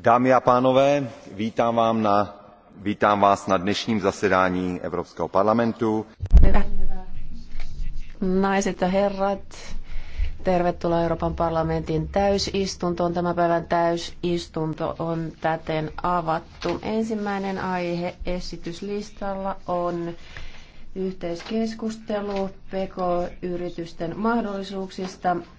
dámy a pánové vítám, vás na dnešním zasedání Evropského parlamentu. Naiset ja herrat, tervetuloa Euroopan parlamentin täysistuntoon. Tämän päivän täysistunto on täten avattu. Ensimmäinen aihe esityslistalla on yhteiskeskustelu PK-yritysten mahdollisuuksista